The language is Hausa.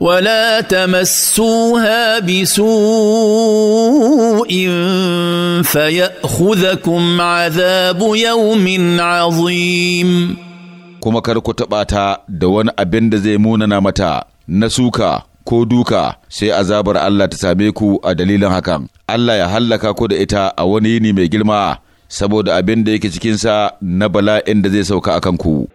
ولا تمسوها بسوء فياخذكم عذاب يوم عظيم kuma kar ku taɓa ta da wani abin da zai munana mata na suka ko duka sai azabar Allah ta same ku a dalilin hakan Allah ya hallaka ku da ita a wani yini mai girma saboda abin da yake cikinsa na bala'in da zai sauka akan ku